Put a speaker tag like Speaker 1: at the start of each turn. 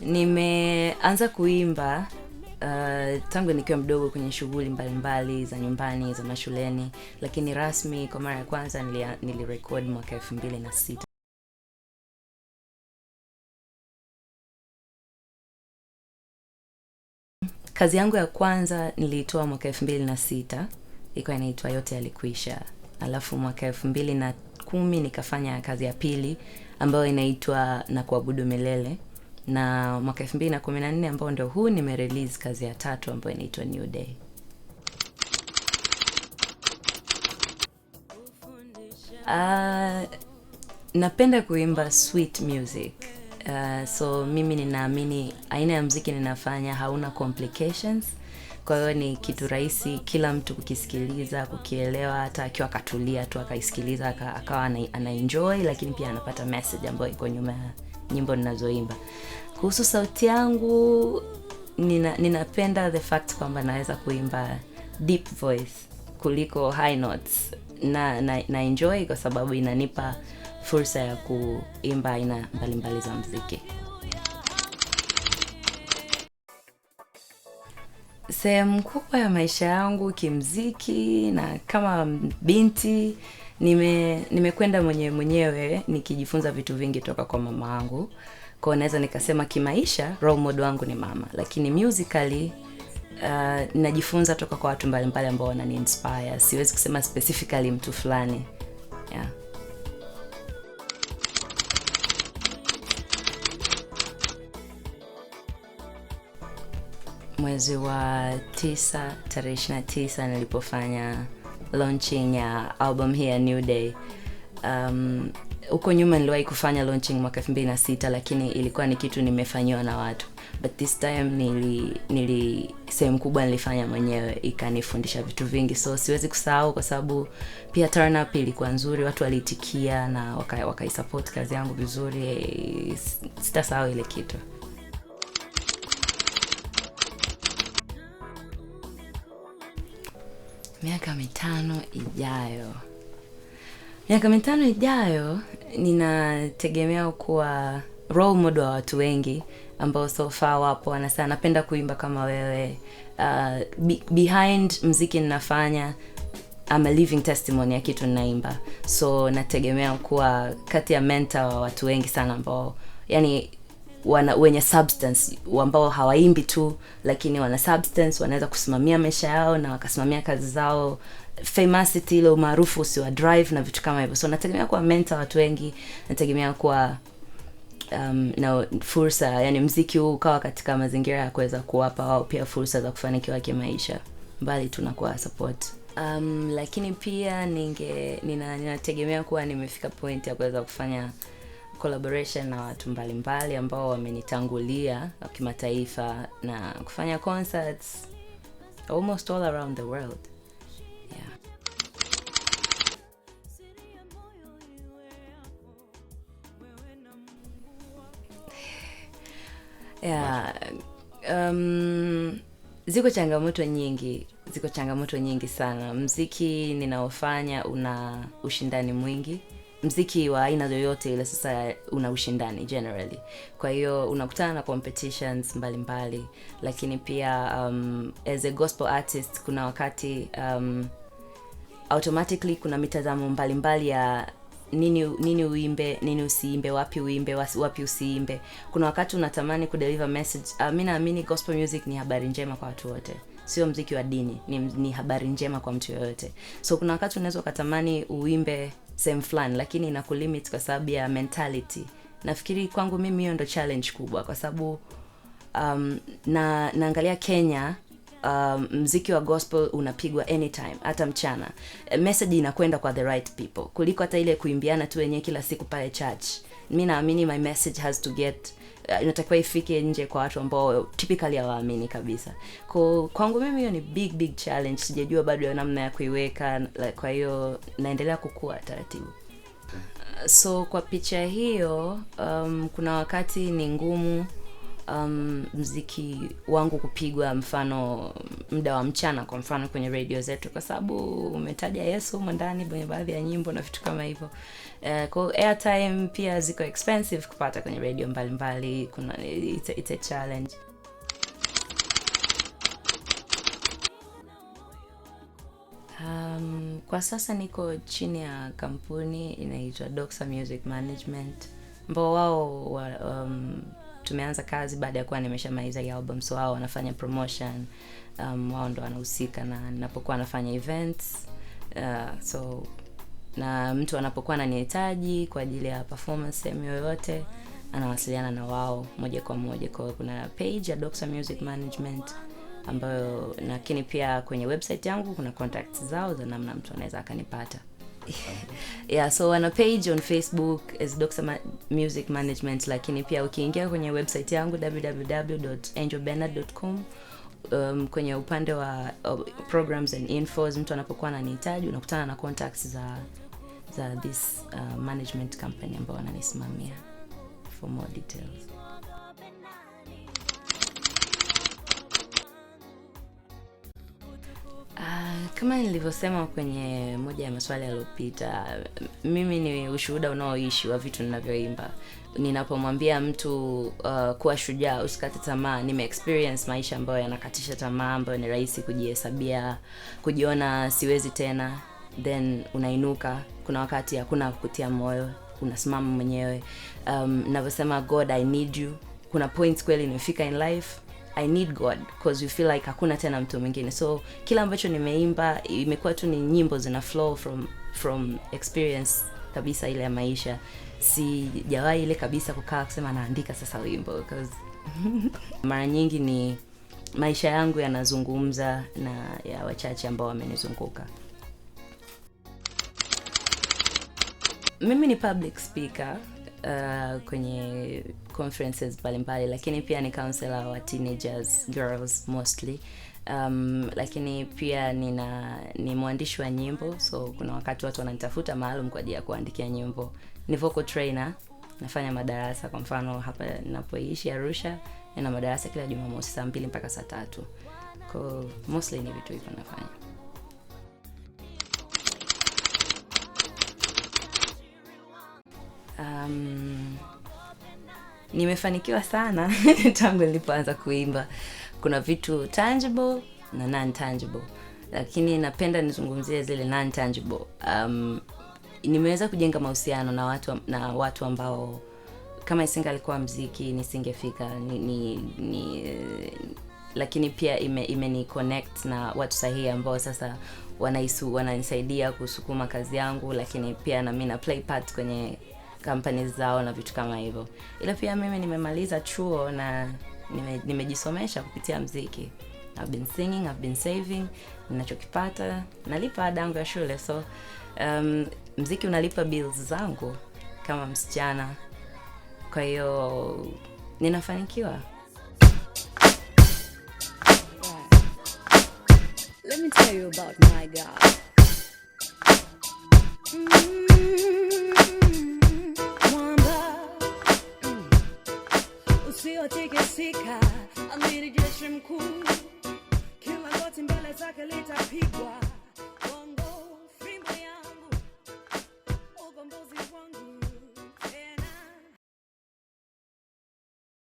Speaker 1: Nimeanza kuimba uh, tangu nikiwa mdogo kwenye shughuli mbalimbali za nyumbani za mashuleni, lakini rasmi kwa mara ya kwanza nili mwaka elfu mbili na sita. Kazi yangu ya kwanza niliitoa mwaka elfu mbili na sita ikwa inaitwa yote yalikwisha. Alafu mwaka elfu mbili na kumi nikafanya kazi ya pili ambayo inaitwa na kuabudu milele na mwaka 2014 ambao ndio huu nimerelease kazi ya tatu ambayo inaitwa New Day. Uh, napenda kuimba sweet music. Uh, so mimi ninaamini aina ya mziki ninafanya hauna complications, kwa hiyo ni kitu rahisi kila mtu kukisikiliza, kukielewa, hata akiwa akatulia tu akaisikiliza akawa anaenjoy, lakini pia anapata message ambayo iko nyuma ya nyimbo ninazoimba. Kuhusu sauti yangu nina, ninapenda the fact kwamba naweza kuimba deep voice kuliko high notes na, na, na enjoy kwa sababu inanipa fursa ya kuimba aina mbalimbali za mziki. Sehemu kubwa ya maisha yangu kimziki na kama binti nime nimekwenda mwenyewe mwenyewe nikijifunza vitu vingi toka kwa mama wangu kwao naweza nikasema kimaisha role wangu ni mama lakini musically uh, najifunza toka kwa watu mbalimbali ambao wanani inspire siwezi kusema specifically mtu fulani yeah. mwezi wa tisa tarehe 29 nilipofanya launching ya album hii ya New Day. Um, huko nyuma niliwahi kufanya launching mwaka 2006 lakini ilikuwa ni kitu nimefanyiwa na watu, but this time nili, nili sehemu kubwa nilifanya mwenyewe, ikanifundisha vitu vingi, so siwezi kusahau kwa sababu pia turn up ilikuwa nzuri, watu waliitikia na wakaisupport waka kazi yangu vizuri. Sitasahau ile kitu. miaka mitano ijayo, miaka mitano ijayo ninategemea kuwa role model wa watu wengi ambao sofa wapo wana napenda kuimba kama wewe. Uh, be behind mziki ninafanya I'm a living testimony ya kitu ninaimba, so nategemea kuwa kati ya mentor wa watu wengi sana ambao yani wana wenye substance ambao hawaimbi tu, lakini wana substance, wanaweza kusimamia maisha yao na wakasimamia kazi zao, famasity ile umaarufu usiwa drive na vitu kama hivyo. So nategemea kuwa mentor watu wengi, nategemea kuwa um, na fursa, yani mziki huu ukawa katika mazingira ya kuweza kuwapa wao pia fursa za kufanikiwa kimaisha, mbali tunakuwa support um, lakini pia ninge ninategemea nina, kuwa nimefika point ya kuweza kufanya collaboration na watu mbalimbali ambao wamenitangulia wa kimataifa na kufanya concerts almost all around the world. Yeah. Um, ziko changamoto nyingi, ziko changamoto nyingi sana. Mziki ninaofanya una ushindani mwingi mziki wa aina yoyote ile sasa una ushindani generally, kwa hiyo unakutana na competitions mbalimbali mbali. Lakini pia um, as a gospel artist kuna wakati um, automatically kuna mitazamo mbalimbali ya nini nini uimbe nini usiimbe, wapi uimbe wapi usiimbe. Kuna wakati unatamani kudeliver message. Uh, mi naamini gospel music ni habari njema kwa watu wote sio mziki wa dini ni, ni habari njema kwa mtu yoyote. So kuna wakati unaweza ukatamani uimbe sehemu fulani, lakini ina kulimit kwa sababu ya mentality. Nafikiri kwangu mimi hiyo ndo challenge kubwa, kwa sababu um, na naangalia Kenya um, mziki wa gospel unapigwa anytime, hata mchana, message inakwenda kwa the right people kuliko hata ile kuimbiana tu wenyewe kila siku pale church. Mi naamini my message has to get Uh, inatakiwa ifike nje kwa watu ambao typically hawaamini kabisa. Kwa kwangu mimi hiyo ni big big challenge, sijajua bado ya namna ya kuiweka like, kwa hiyo naendelea kukua taratibu. Uh, so kwa picha hiyo um, kuna wakati ni ngumu um, mziki wangu kupigwa mfano muda wa mchana, kwa mfano kwenye redio zetu, kwa sababu umetaja Yesu humo ndani kwenye baadhi ya nyimbo na vitu kama hivyo. Uh, kwa airtime pia ziko expensive kupata kwenye radio mbalimbali, kuna it's a, it's a challenge. Um, kwa sasa niko chini ya kampuni inaitwa Doxa Music Management ambao wao um, tumeanza kazi baada ya kuwa nimeshamaliza hii album, so wao wanafanya promotion um, wao ndo wanahusika na ninapokuwa nafanya events uh, so na mtu anapokuwa ananihitaji kwa ajili ya performance sehemu yoyote anawasiliana na wao moja kwa moja. Kwa hiyo kuna page ya Doxa Music Management ambayo, lakini pia kwenye website yangu kuna contacts zao za namna mtu anaweza akanipata. yeah so wana page on facebook as Dr. Ma music management lakini pia ukiingia kwenye website yangu www.angelbernard.com um, kwenye upande wa uh, programs and infos mtu anapokuwa ananihitaji unakutana na contacts za za this uh, management company ambao wananisimamia for more details uh, kama nilivyosema kwenye moja ya maswali yaliyopita, mimi ni ushuhuda unaoishi wa vitu ninavyoimba. Ninapomwambia mtu uh, kuwa shujaa, usikate tamaa, nime experience maisha ambayo yanakatisha tamaa, ambayo ni rahisi kujihesabia, kujiona siwezi tena, then unainuka. Kuna wakati hakuna kutia moyo, unasimama mwenyewe. Um, navyosema God I need you, kuna points kweli nimefika in life I need God because you feel like hakuna tena mtu mwingine. So kila ambacho nimeimba imekuwa tu ni nyimbo zina flow from from experience kabisa ile ya maisha. Sijawahi ile kabisa kukaa kusema naandika sasa wimbo because mara nyingi ni maisha yangu yanazungumza na ya wachache ambao wamenizunguka. Mimi ni public speaker uh, kwenye conferences mbalimbali, lakini pia ni kaunsela wa teenagers girls mostly um, lakini pia nina ni mwandishi wa nyimbo, so kuna wakati watu wananitafuta maalum kwa ajili ya kuandikia nyimbo. Ni vocal trainer, nafanya madarasa. Kwa mfano hapa napoishi Arusha, nina madarasa kila Jumamosi saa mbili mpaka saa tatu. ko mostly ni vitu hivyo nafanya. um, nimefanikiwa sana tangu nilipoanza kuimba. Kuna vitu tangible na non tangible, lakini napenda nizungumzie zile non tangible. Um, nimeweza kujenga mahusiano na watu na watu ambao kama isinga alikuwa mziki nisingefika ni, ni, ni, lakini pia ime, ime ni connect na watu sahihi ambao sasa wanaisu wananisaidia kusukuma kazi yangu, lakini pia na mimi na play part kwenye kampani zao na vitu kama hivyo, ila pia mimi nimemaliza chuo na nime, nimejisomesha kupitia mziki. I've been singing, I've been saving, ninachokipata nalipa ada yangu ya shule, so um, mziki unalipa bills zangu kama msichana, kwa hiyo ninafanikiwa. Let me tell you about my God. Mm-hmm. yaliyotikisika, amiri jeshi mkuu, kila goti mbele zake litapigwa.